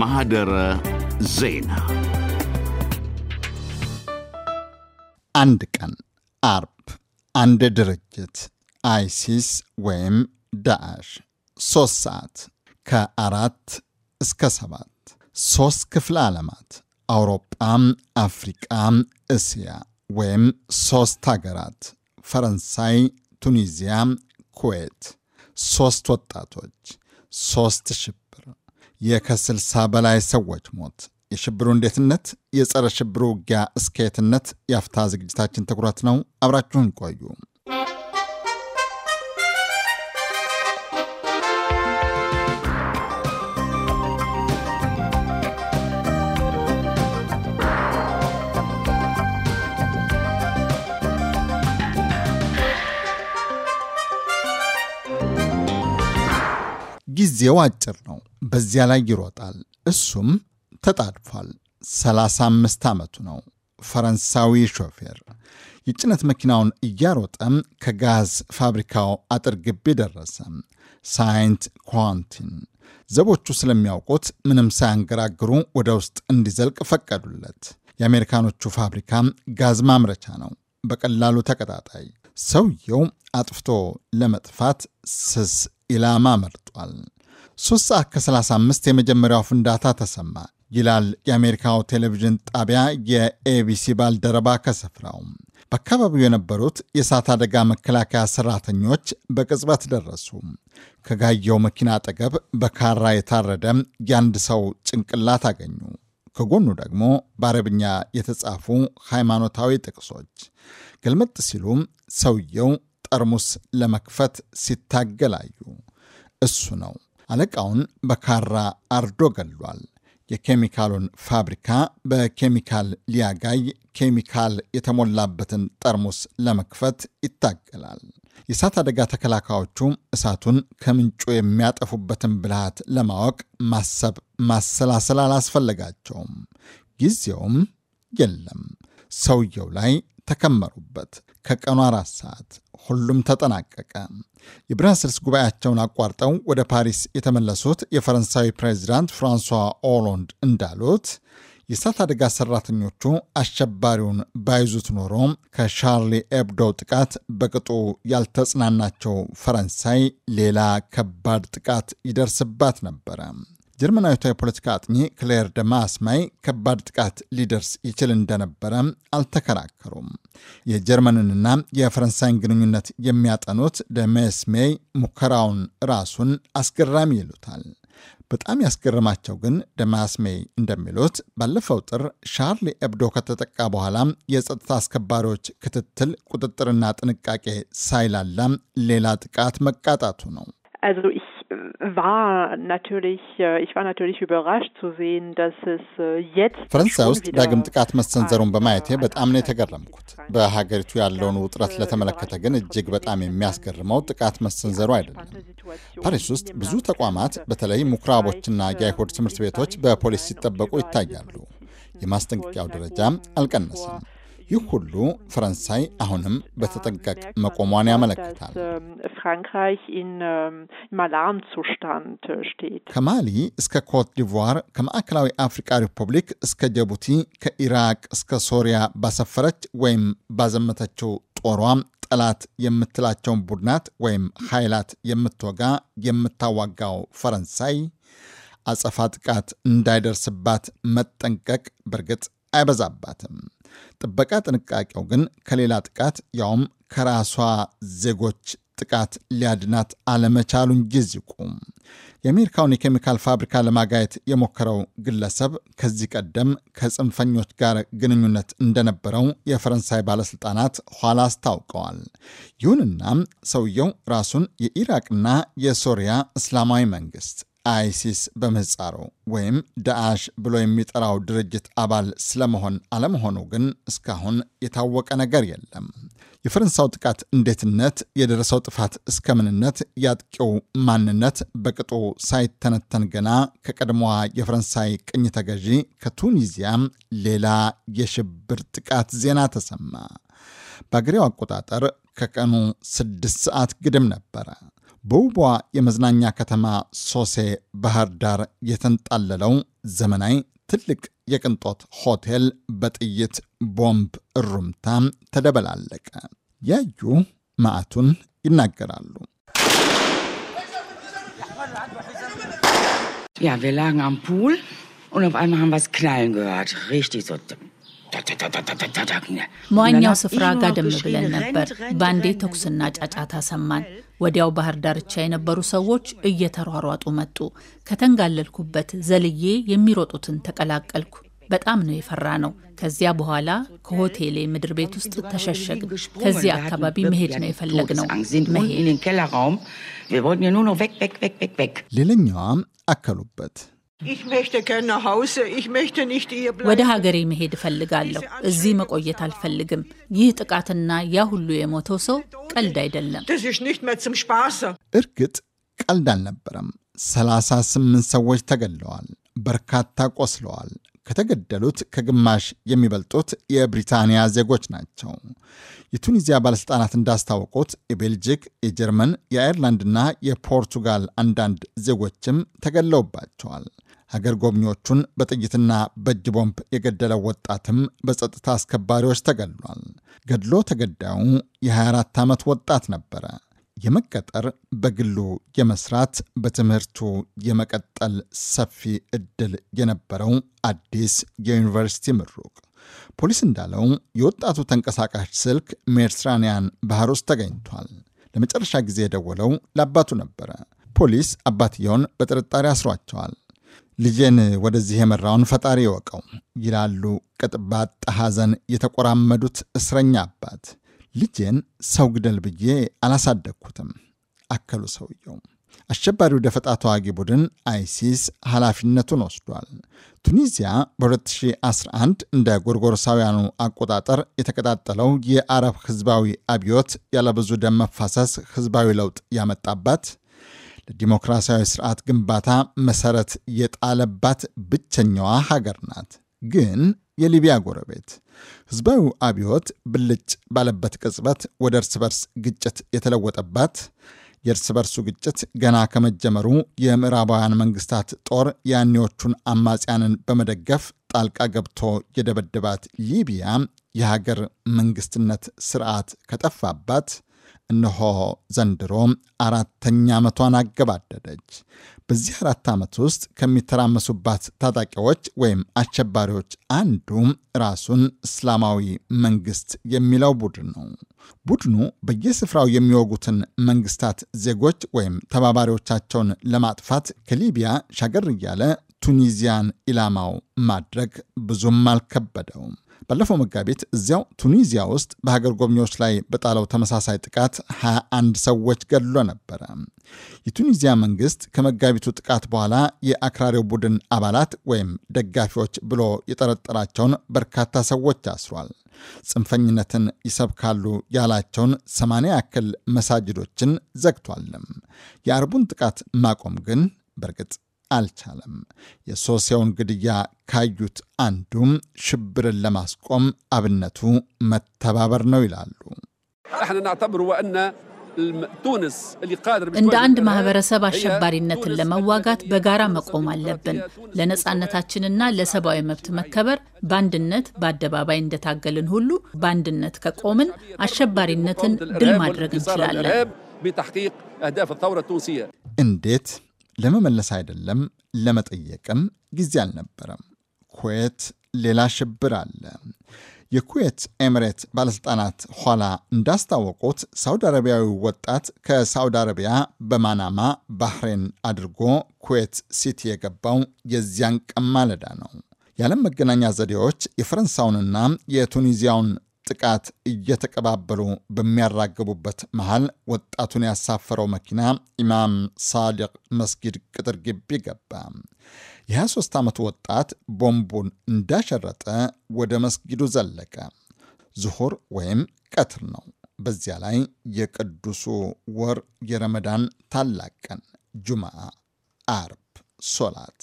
ማህደረ ዜና። አንድ ቀን አርብ፣ አንድ ድርጅት አይሲስ ወይም ዳዕሽ ሶስት ሰዓት ከአራት እስከ ሰባት ሶስት ክፍለ ዓለማት አውሮጳ፣ አፍሪቃ፣ እስያ ወይም ሶስት ሀገራት ፈረንሳይ፣ ቱኒዚያ፣ ኩዌት ሦስት ወጣቶች፣ ሦስት ሽብር፣ የከስልሳ በላይ ሰዎች ሞት። የሽብሩ እንዴትነት፣ የጸረ ሽብሩ ውጊያ እስከየትነት የአፍታ ዝግጅታችን ትኩረት ነው። አብራችሁን ቆዩ። ጊዜው አጭር ነው። በዚያ ላይ ይሮጣል። እሱም ተጣድፏል። 35 ዓመቱ ነው። ፈረንሳዊ ሾፌር የጭነት መኪናውን እያሮጠም ከጋዝ ፋብሪካው አጥር ግቢ ደረሰ። ሳይንት ኳንቲን ዘቦቹ ስለሚያውቁት ምንም ሳያንገራግሩ ወደ ውስጥ እንዲዘልቅ ፈቀዱለት። የአሜሪካኖቹ ፋብሪካ ጋዝ ማምረቻ ነው። በቀላሉ ተቀጣጣይ ሰውየው አጥፍቶ ለመጥፋት ስስ ኢላማ መርጧል። ሶስት ሰዓት ከ35 የመጀመሪያው ፍንዳታ ተሰማ ይላል የአሜሪካው ቴሌቪዥን ጣቢያ የኤቢሲ ባልደረባ ከስፍራው። በአካባቢው የነበሩት የእሳት አደጋ መከላከያ ሰራተኞች በቅጽበት ደረሱ። ከጋየው መኪና አጠገብ በካራ የታረደ የአንድ ሰው ጭንቅላት አገኙ። ከጎኑ ደግሞ በአረብኛ የተጻፉ ሃይማኖታዊ ጥቅሶች ገልመጥ ሲሉም ሰውየው ጠርሙስ ለመክፈት ሲታገላዩ እሱ ነው። አለቃውን በካራ አርዶ ገሏል። የኬሚካሉን ፋብሪካ በኬሚካል ሊያጋይ ኬሚካል የተሞላበትን ጠርሙስ ለመክፈት ይታገላል። የእሳት አደጋ ተከላካዮቹ እሳቱን ከምንጩ የሚያጠፉበትን ብልሃት ለማወቅ ማሰብ ማሰላሰል አላስፈለጋቸውም። ጊዜውም የለም። ሰውየው ላይ ተከመሩበት። ከቀኑ አራት ሰዓት ሁሉም ተጠናቀቀ። የብራስልስ ጉባኤያቸውን አቋርጠው ወደ ፓሪስ የተመለሱት የፈረንሳዊ ፕሬዚዳንት ፍራንሷ ኦሎንድ እንዳሉት የእሳት አደጋ ሰራተኞቹ አሸባሪውን ባይዙት ኖሮ ከሻርሊ ኤብዶው ጥቃት በቅጡ ያልተጽናናቸው ፈረንሳይ ሌላ ከባድ ጥቃት ይደርስባት ነበረ። ጀርመናዊቷ የፖለቲካ አጥኚ ክሌር ደማስማይ ከባድ ጥቃት ሊደርስ ይችል እንደነበረ አልተከራከሩም። የጀርመንንና የፈረንሳይን ግንኙነት የሚያጠኑት ደሜስሜይ ሙከራውን ራሱን አስገራሚ ይሉታል። በጣም ያስገረማቸው ግን ደማስሜይ እንደሚሉት ባለፈው ጥር ሻርሊ ኤብዶ ከተጠቃ በኋላ የጸጥታ አስከባሪዎች ክትትል፣ ቁጥጥርና ጥንቃቄ ሳይላላ ሌላ ጥቃት መቃጣቱ ነው። Also ich war natürlich, äh, ich war natürlich überrascht zu sehen, dass es äh, jetzt ፈረንሳይ ውስጥ ዳግም ጥቃት መሰንዘሩን በማየቴ በጣም ነው የተገረምኩት። በሀገሪቱ ያለውን ውጥረት äh, ለተመለከተ ግን እጅግ በጣም የሚያስገርመው ጥቃት መሰንዘሩ አይደለም። ፓሪስ ውስጥ ብዙ ተቋማት በተለይ ሙክራቦችና የአይሁድ ትምህርት ቤቶች በፖሊስ ሲጠበቁ ይታያሉ። የማስጠንቀቂያው ደረጃም አልቀነሰም። ይህ ሁሉ ፈረንሳይ አሁንም በተጠንቀቅ መቆሟን ያመለክታል። ähm, äh, ከማሊ እስከ ኮት ዲቯር፣ ከማዕከላዊ አፍሪካ ሪፑብሊክ እስከ ጀቡቲ፣ ከኢራቅ እስከ ሶሪያ ባሰፈረች ወይም ባዘመተችው ጦሯ ጠላት የምትላቸውን ቡድናት ወይም ኃይላት የምትወጋ የምታዋጋው ፈረንሳይ አጸፋ ጥቃት እንዳይደርስባት መጠንቀቅ በእርግጥ አይበዛባትም። ጥበቃ ጥንቃቄው ግን ከሌላ ጥቃት ያውም ከራሷ ዜጎች ጥቃት ሊያድናት አለመቻሉን ይቁም። የአሜሪካውን የኬሚካል ፋብሪካ ለማጋየት የሞከረው ግለሰብ ከዚህ ቀደም ከጽንፈኞች ጋር ግንኙነት እንደነበረው የፈረንሳይ ባለሥልጣናት ኋላ አስታውቀዋል። ይሁንና ሰውየው ራሱን የኢራቅና የሶሪያ እስላማዊ መንግሥት አይሲስ በምህፃሩ ወይም ዳአሽ ብሎ የሚጠራው ድርጅት አባል ስለመሆን አለመሆኑ ግን እስካሁን የታወቀ ነገር የለም። የፈረንሳው ጥቃት እንዴትነት፣ የደረሰው ጥፋት እስከ ምንነት፣ የአጥቂው ማንነት በቅጡ ሳይተነተን ገና ከቀድሞዋ የፈረንሳይ ቅኝ ተገዢ ከቱኒዚያም ሌላ የሽብር ጥቃት ዜና ተሰማ። በአገሬው አቆጣጠር ከቀኑ ስድስት ሰዓት ግድም ነበረ። በውቧ የመዝናኛ ከተማ ሶሴ ባህር ዳር የተንጣለለው ዘመናዊ ትልቅ የቅንጦት ሆቴል በጥይት ቦምብ እሩምታ ተደበላለቀ። ያዩ መዓቱን ይናገራሉ። ያ ላግን አም ፑል ን auf einmal haben was knallen gehört. Richtig so መዋኛው ስፍራ ጋደም ብለን ነበር። ባንዴ ተኩስና ጫጫታ ሰማን። ወዲያው ባህር ዳርቻ የነበሩ ሰዎች እየተሯሯጡ መጡ። ከተንጋለልኩበት ዘልዬ የሚሮጡትን ተቀላቀልኩ። በጣም ነው የፈራ ነው። ከዚያ በኋላ ከሆቴሌ ምድር ቤት ውስጥ ተሸሸግን። ከዚህ አካባቢ መሄድ ነው የፈለግ ነው መሄድ። ሌላኛዋም አከሉበት። ወደ ሀገሬ መሄድ እፈልጋለሁ። እዚህ መቆየት አልፈልግም። ይህ ጥቃትና ያ ሁሉ የሞተው ሰው ቀልድ አይደለም። እርግጥ ቀልድ አልነበረም። 38 ሰዎች ተገድለዋል፣ በርካታ ቆስለዋል። ከተገደሉት ከግማሽ የሚበልጡት የብሪታንያ ዜጎች ናቸው። የቱኒዚያ ባለሥልጣናት እንዳስታወቁት የቤልጂክ፣ የጀርመን፣ የአይርላንድና የፖርቱጋል አንዳንድ ዜጎችም ተገድለውባቸዋል። ሀገር ጎብኚዎቹን በጥይትና በእጅ ቦምብ የገደለው ወጣትም በጸጥታ አስከባሪዎች ተገድሏል። ገድሎ ተገዳዩ የ24 ዓመት ወጣት ነበረ። የመቀጠር በግሉ የመስራት በትምህርቱ የመቀጠል ሰፊ እድል የነበረው አዲስ የዩኒቨርሲቲ ምሩቅ ፖሊስ እንዳለው የወጣቱ ተንቀሳቃሽ ስልክ ሜዲትራኒያን ባህር ውስጥ ተገኝቷል። ለመጨረሻ ጊዜ የደወለው ለአባቱ ነበረ። ፖሊስ አባትየውን በጥርጣሬ አስሯቸዋል። ልጄን ወደዚህ የመራውን ፈጣሪ ይወቀው ይላሉ ቅጥባጣ ሐዘን የተቆራመዱት እስረኛ አባት። ልጄን ሰው ግደል ብዬ አላሳደግኩትም አከሉ ሰውየው። አሸባሪው ደፈጣ ተዋጊ ቡድን አይሲስ ኃላፊነቱን ወስዷል። ቱኒዚያ በ2011 እንደ ጎርጎርሳውያኑ አቆጣጠር የተቀጣጠለው የአረብ ህዝባዊ አብዮት ያለብዙ ደም መፋሰስ ህዝባዊ ለውጥ ያመጣባት ለዲሞክራሲያዊ ስርዓት ግንባታ መሰረት የጣለባት ብቸኛዋ ሀገር ናት። ግን የሊቢያ ጎረቤት ህዝባዊ አብዮት ብልጭ ባለበት ቅጽበት ወደ እርስ በርስ ግጭት የተለወጠባት የእርስ በርሱ ግጭት ገና ከመጀመሩ የምዕራባውያን መንግስታት ጦር ያኔዎቹን አማጽያንን በመደገፍ ጣልቃ ገብቶ የደበደባት ሊቢያ የሀገር መንግስትነት ስርዓት ከጠፋባት እነሆ ዘንድሮ አራተኛ ዓመቷን አገባደደች። በዚህ አራት ዓመት ውስጥ ከሚተራመሱባት ታጣቂዎች ወይም አሸባሪዎች አንዱ ራሱን እስላማዊ መንግስት የሚለው ቡድን ነው። ቡድኑ በየስፍራው የሚወጉትን መንግስታት ዜጎች ወይም ተባባሪዎቻቸውን ለማጥፋት ከሊቢያ ሻገር እያለ ቱኒዚያን ኢላማው ማድረግ ብዙም አልከበደውም። ባለፈው መጋቢት እዚያው ቱኒዚያ ውስጥ በሀገር ጎብኚዎች ላይ በጣለው ተመሳሳይ ጥቃት 21 ሰዎች ገድሎ ነበረ። የቱኒዚያ መንግስት ከመጋቢቱ ጥቃት በኋላ የአክራሪው ቡድን አባላት ወይም ደጋፊዎች ብሎ የጠረጠራቸውን በርካታ ሰዎች አስሯል። ጽንፈኝነትን ይሰብካሉ ያላቸውን ሰማንያ ያክል መሳጅዶችን ዘግቷልም። የአርቡን ጥቃት ማቆም ግን በእርግጥ አልቻለም። የሶሴውን ግድያ ካዩት አንዱም ሽብርን ለማስቆም አብነቱ መተባበር ነው ይላሉ። እንደ አንድ ማህበረሰብ አሸባሪነትን ለመዋጋት በጋራ መቆም አለብን። ለነፃነታችንና ለሰብአዊ መብት መከበር በአንድነት በአደባባይ እንደታገልን ሁሉ በአንድነት ከቆምን አሸባሪነትን ድል ማድረግ እንችላለን። እንዴት? ለመመለስ አይደለም ለመጠየቅም ጊዜ አልነበረም። ኩዌት ሌላ ሽብር አለ። የኩዌት ኤሚሬት ባለሥልጣናት ኋላ እንዳስታወቁት ሳውዲ አረቢያዊ ወጣት ከሳውዲ አረቢያ በማናማ ባህሬን አድርጎ ኩዌት ሲቲ የገባው የዚያን ቀን ማለዳ ነው። የዓለም መገናኛ ዘዴዎች የፈረንሳውንና የቱኒዚያውን ጥቃት እየተቀባበሉ በሚያራግቡበት መሃል ወጣቱን ያሳፈረው መኪና ኢማም ሳዲቅ መስጊድ ቅጥር ግቢ ገባ። የ23 ዓመቱ ወጣት ቦምቡን እንዳሸረጠ ወደ መስጊዱ ዘለቀ። ዙሁር ወይም ቀትር ነው። በዚያ ላይ የቅዱሱ ወር የረመዳን ታላቅ ቀን ጁምዓ፣ አርብ ሶላት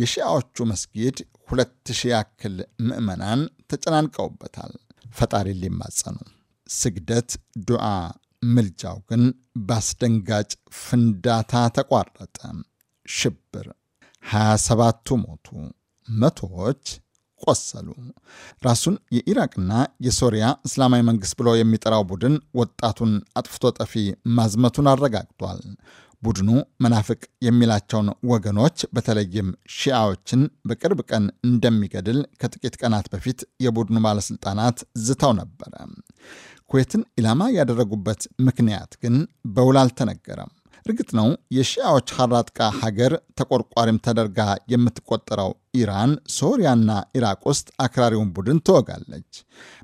የሺያዎቹ መስጊድ ሁለት ሺህ ያክል ምዕመናን ተጨናንቀውበታል። ፈጣሪ ሊማጸኑ። ስግደት፣ ዱዓ፣ ምልጃው ግን በአስደንጋጭ ፍንዳታ ተቋረጠ። ሽብር፣ 27ቱ ሞቱ፣ መቶዎች ቆሰሉ። ራሱን የኢራቅና የሶሪያ እስላማዊ መንግሥት ብሎ የሚጠራው ቡድን ወጣቱን አጥፍቶ ጠፊ ማዝመቱን አረጋግጧል። ቡድኑ መናፍቅ የሚላቸውን ወገኖች በተለይም ሺያዎችን በቅርብ ቀን እንደሚገድል ከጥቂት ቀናት በፊት የቡድኑ ባለሥልጣናት ዝተው ነበረ። ኩዌትን ኢላማ ያደረጉበት ምክንያት ግን በውል አልተነገረም። እርግጥ ነው የሺያዎች ሐራጥቃ ሀገር ተቆርቋሪም ተደርጋ የምትቆጠረው ኢራን ሶሪያና ኢራቅ ውስጥ አክራሪውን ቡድን ትወጋለች።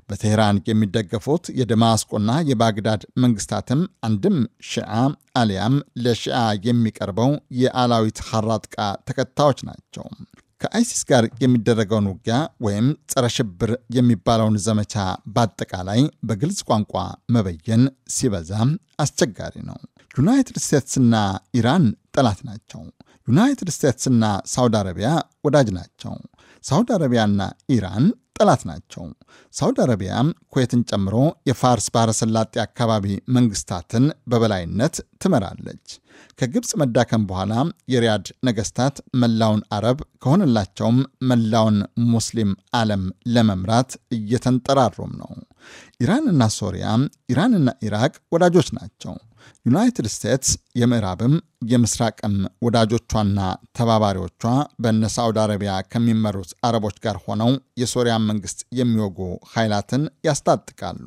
በቴህራን የሚደገፉት የደማስቆና የባግዳድ መንግስታትም አንድም ሺዓ አሊያም ለሺዓ የሚቀርበው የአላዊት ሐራጥቃ ተከታዮች ናቸው። ከአይሲስ ጋር የሚደረገውን ውጊያ ወይም ጸረ ሽብር የሚባለውን ዘመቻ በአጠቃላይ በግልጽ ቋንቋ መበየን ሲበዛ አስቸጋሪ ነው። ዩናይትድ ስቴትስና ኢራን ጠላት ናቸው። ዩናይትድ ስቴትስና ሳውዲ አረቢያ ወዳጅ ናቸው። ሳውዲ አረቢያና ኢራን ጠላት ናቸው። ሳውዲ አረቢያ ኩዌትን ጨምሮ የፋርስ ባሕረ ሰላጤ አካባቢ መንግስታትን በበላይነት ትመራለች። ከግብፅ መዳከም በኋላ የሪያድ ነገስታት መላውን አረብ ከሆነላቸውም መላውን ሙስሊም ዓለም ለመምራት እየተንጠራሩም ነው። ኢራንና ሶሪያ፣ ኢራንና ኢራቅ ወዳጆች ናቸው። ዩናይትድ ስቴትስ የምዕራብም የምስራቅም ወዳጆቿና ተባባሪዎቿ በነ ሳዑዲ አረቢያ ከሚመሩት አረቦች ጋር ሆነው የሶሪያን መንግስት የሚወጉ ኃይላትን ያስታጥቃሉ።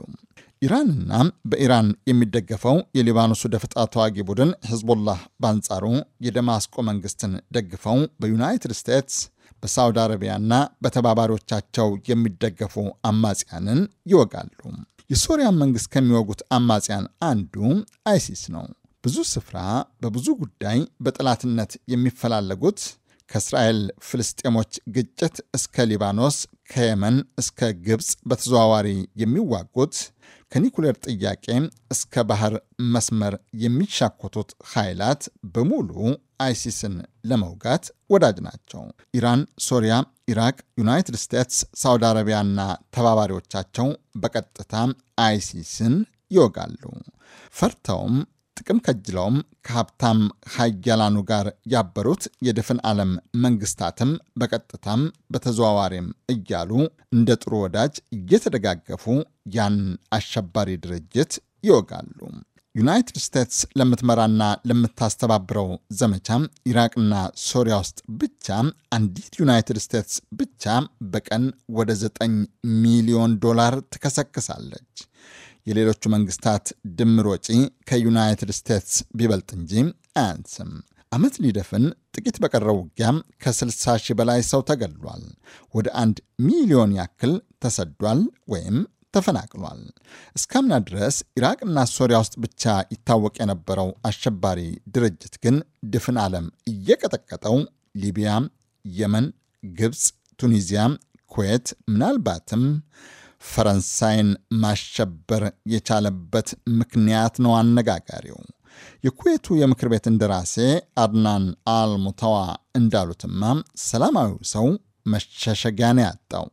ኢራንና በኢራን የሚደገፈው የሊባኖሱ ደፈጣ ተዋጊ ቡድን ህዝቡላህ በአንጻሩ የደማስቆ መንግስትን ደግፈው በዩናይትድ ስቴትስ በሳዑዲ አረቢያና በተባባሪዎቻቸው የሚደገፉ አማጽያንን ይወጋሉ። የሶሪያን መንግስት ከሚወጉት አማጽያን አንዱ አይሲስ ነው። ብዙ ስፍራ በብዙ ጉዳይ በጠላትነት የሚፈላለጉት ከእስራኤል ፍልስጤሞች ግጭት እስከ ሊባኖስ፣ ከየመን እስከ ግብፅ በተዘዋዋሪ የሚዋጉት ከኒኩሌር ጥያቄ እስከ ባህር መስመር የሚሻኮቱት ኃይላት በሙሉ አይሲስን ለመውጋት ወዳጅ ናቸው። ኢራን፣ ሶሪያ፣ ኢራቅ፣ ዩናይትድ ስቴትስ፣ ሳውዲ አረቢያና ተባባሪዎቻቸው በቀጥታ አይሲስን ይወጋሉ። ፈርተውም ጥቅም ከጅለውም ከሀብታም ሀያላኑ ጋር ያበሩት የድፍን ዓለም መንግስታትም በቀጥታም በተዘዋዋሪም እያሉ እንደ ጥሩ ወዳጅ እየተደጋገፉ ያን አሸባሪ ድርጅት ይወጋሉ። ዩናይትድ ስቴትስ ለምትመራና ለምታስተባብረው ዘመቻ ኢራቅና ሶሪያ ውስጥ ብቻ አንዲት ዩናይትድ ስቴትስ ብቻ በቀን ወደ 9 ሚሊዮን ዶላር ትከሰክሳለች። የሌሎቹ መንግስታት ድምር ወጪ ከዩናይትድ ስቴትስ ቢበልጥ እንጂ አያንስም። ዓመት ሊደፍን ጥቂት በቀረው ውጊያም ከ60 ሺህ በላይ ሰው ተገድሏል። ወደ አንድ ሚሊዮን ያክል ተሰዷል ወይም ተፈናቅሏል። እስካምና ድረስ ኢራቅና ሶሪያ ውስጥ ብቻ ይታወቅ የነበረው አሸባሪ ድርጅት ግን ድፍን ዓለም እየቀጠቀጠው ሊቢያ፣ የመን፣ ግብፅ፣ ቱኒዚያ፣ ኩዌት ምናልባትም ፈረንሳይን ማሸበር የቻለበት ምክንያት ነው አነጋጋሪው። የኩዌቱ የምክር ቤት እንደራሴ አድናን አልሙተዋ እንዳሉትማ ሰላማዊው ሰው መሸሸጊያን ያጣው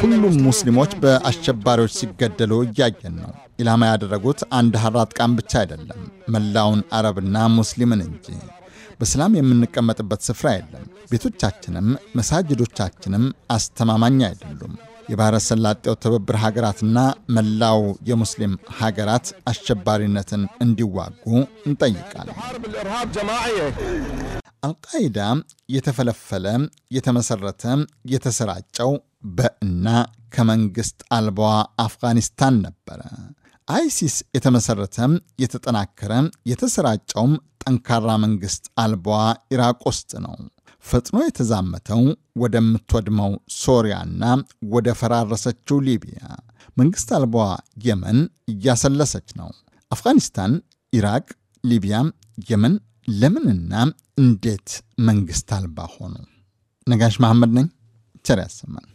ሁሉም ሙስሊሞች በአሸባሪዎች ሲገደሉ እያየን ነው። ኢላማ ያደረጉት አንድ ሀራት ቃን ብቻ አይደለም፣ መላውን አረብና ሙስሊምን እንጂ። በሰላም የምንቀመጥበት ስፍራ የለም። ቤቶቻችንም መሳጅዶቻችንም አስተማማኝ አይደሉም። የባህረ ሰላጤው ትብብር ሀገራትና መላው የሙስሊም ሀገራት አሸባሪነትን እንዲዋጉ እንጠይቃለን። አልቃይዳ የተፈለፈለ፣ የተመሰረተ የተሰራጨው በእና ከመንግሥት አልባዋ አፍጋኒስታን ነበረ። አይሲስ የተመሰረተ የተጠናከረ የተሰራጨውም ጠንካራ መንግሥት አልባዋ ኢራቅ ውስጥ ነው። ፈጥኖ የተዛመተው ወደምትወድመው ሶሪያና ወደ ፈራረሰችው ሊቢያ፣ መንግሥት አልባዋ የመን እያሰለሰች ነው። አፍጋኒስታን፣ ኢራቅ፣ ሊቢያ፣ የመን ለምንና እንዴት መንግሥት አልባ ሆኑ? ነጋሽ መሐመድ ነኝ። ቸር ያሰማን።